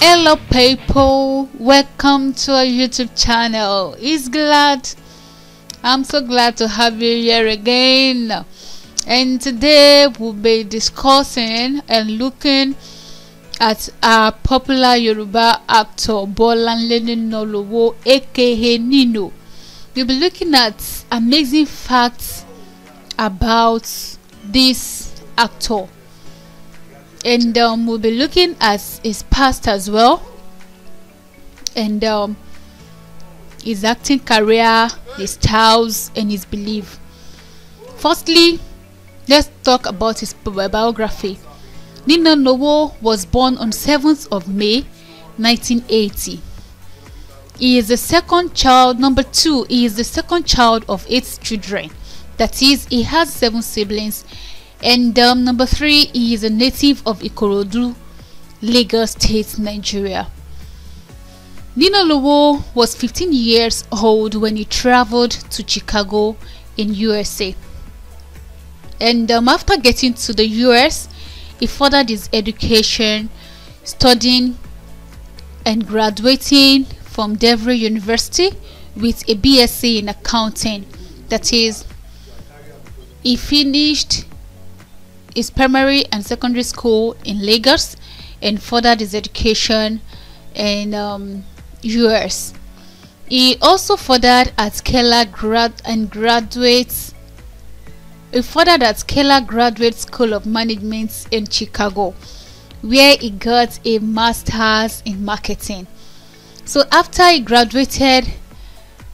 Hello people, welcome to our YouTube channel. It's glad, I'm so glad to have you here again. And today we'll be discussing and looking at our popular Yoruba actor Bolanle Nolowo, aka Nino. We'll be looking at amazing facts about this actor and um, we'll be looking at his past as well and um, his acting career his styles and his belief firstly let's talk about his biography nina nowo was born on 7th of may 1980 he is the second child number two he is the second child of eight children that is he has seven siblings and um, number three, is a native of Ikorodu, Lagos State, Nigeria. Nina Lowo was 15 years old when he traveled to Chicago in USA. And um, after getting to the US, he furthered his education, studying and graduating from Devry University with a BSc in accounting. That is, he finished his primary and secondary school in Lagos and furthered his education in um, US. He also furthered at Keller grad and graduates he furthered at Keller Graduate School of Management in Chicago, where he got a master's in marketing. So after he graduated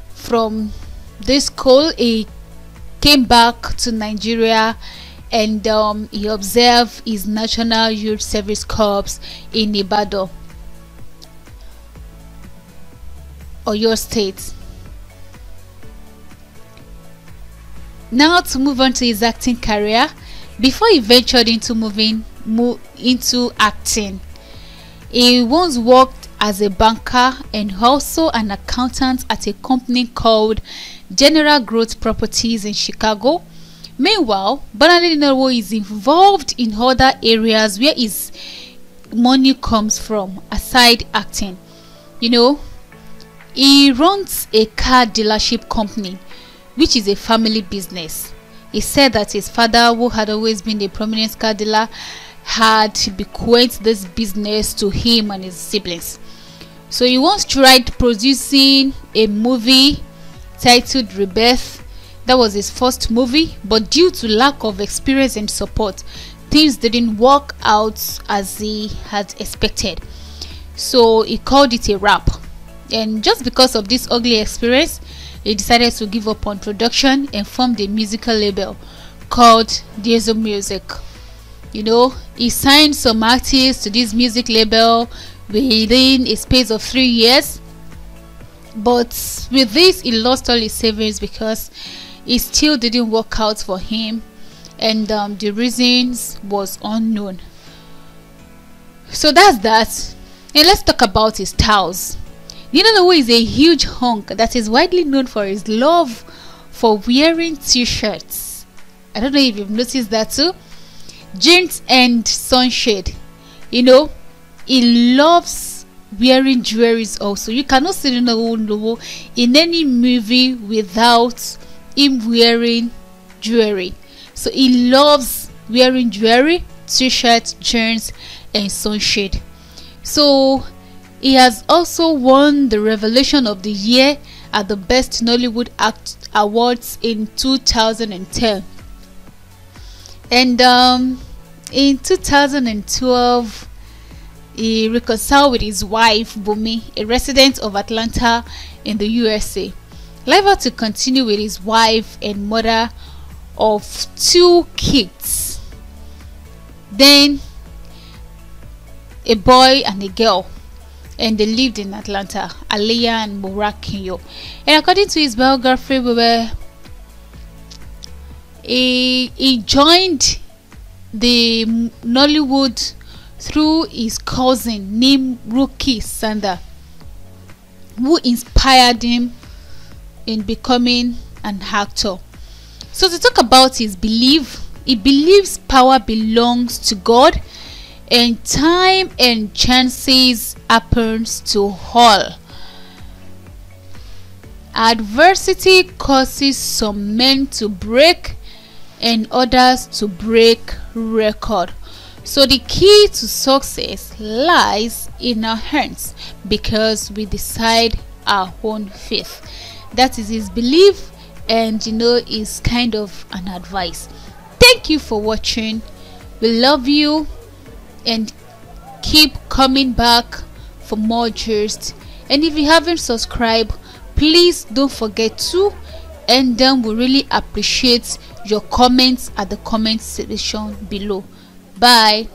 from this school, he came back to Nigeria and um, he observed his National Youth Service Corps in Ibado, Oyo State. Now to move on to his acting career, before he ventured into moving into acting, he once worked as a banker and also an accountant at a company called General Growth Properties in Chicago Meanwhile, Bernardino Nero is involved in other areas where his money comes from, aside acting. You know, he runs a car dealership company, which is a family business. He said that his father, who had always been a prominent car dealer, had bequeathed this business to him and his siblings. So he once tried producing a movie titled Rebirth that was his first movie, but due to lack of experience and support, things didn't work out as he had expected. So he called it a wrap. And just because of this ugly experience, he decided to give up on production and formed a musical label called Diesel Music. You know, he signed some artists to this music label within a space of three years. But with this, he lost all his savings because it still didn't work out for him and um, the reasons was unknown so that's that and let's talk about his styles nino Lowe is a huge hunk that is widely known for his love for wearing t-shirts I don't know if you've noticed that too jeans and sunshade you know he loves wearing jewelries also you cannot see Nina Lowe in any movie without him wearing jewelry. So he loves wearing jewelry, t-shirts, jeans, and sunshade. So he has also won the Revelation of the Year at the Best Nollywood Act Awards in 2010. And um, in 2012, he reconciled with his wife, Bumi, a resident of Atlanta in the USA. Leva to continue with his wife and mother of two kids. Then a boy and a girl and they lived in Atlanta, Alia and Burakinyo. And according to his biography, we were he, he joined the Nollywood through his cousin named Rookie Sander, who inspired him in becoming an actor. So to talk about his belief, he believes power belongs to God and time and chances happens to all. Adversity causes some men to break and others to break record. So the key to success lies in our hands because we decide our own faith that is his belief and you know is kind of an advice thank you for watching we love you and keep coming back for more Cheers! and if you haven't subscribed please don't forget to and then we really appreciate your comments at the comment section below bye